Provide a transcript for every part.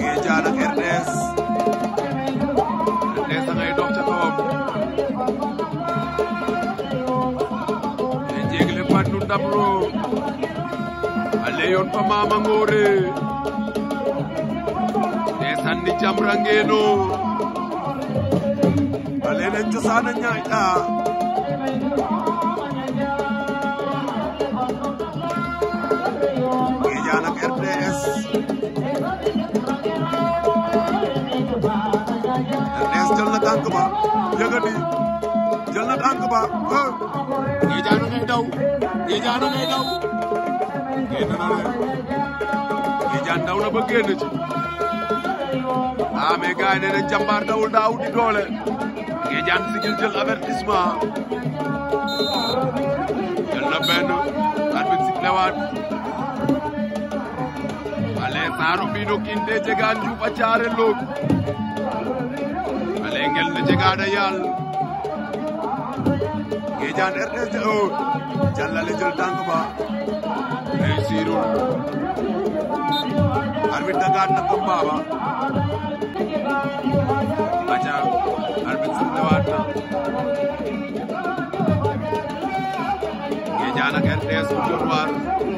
Yéja a RDS RDS da ngay dox ca kawam e jegle pandu ndabro ale yoon fa mama ngore ndeysaan ni jam rangeeno ale na cosaana ñaay nees jël na tànk ba yëgati jël na tànk ba ñii jaanu ngay daw ñii jaanu ngay daw génn na leen ñii jaan daw na ba génn ci ah mais gars yi nee nañ jàmbaar dawul daaw di doole ñii jaan sigil jël avertissement jël na benn arbitre si lewaat Naarumbiin hokiintee jegaan juufa caare loog. Maleengel na jegaadha yaal. Geejaan erdees ta'oo jallale jaltaan qaba. Neesiiruu. Arbit dhagaan na qophaaba. Macaa arbit sirna waadna. Geejaan akka erdees jurwaara.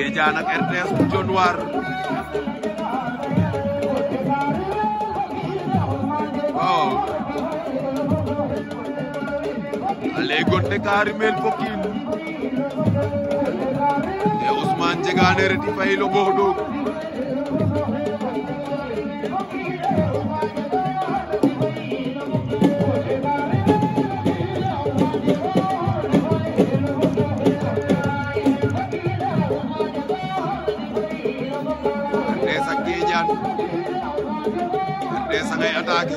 Géejaan ak RTS bu John War waaw ale gonde kaari meen fokiin e Ousmane jegaane reti fay lo gohdog ngay attaqué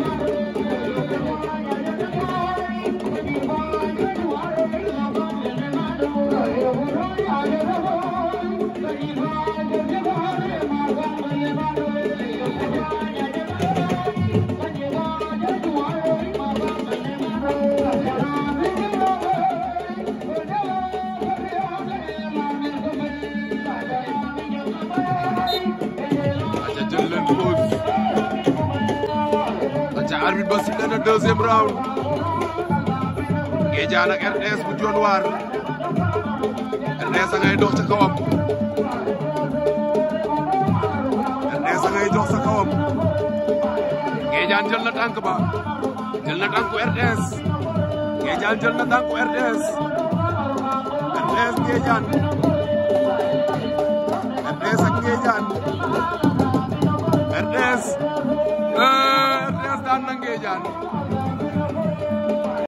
کنه واد جو مار ما گن واد کنه واد جو واد مار Ndeesa ngay dox ca kawam Ndeesa ngay dox sa kawam Ngéejaan jël na tànk ba jël na tànku RTS Ngéejaan jël na tànku RTS RTS Ngéejaan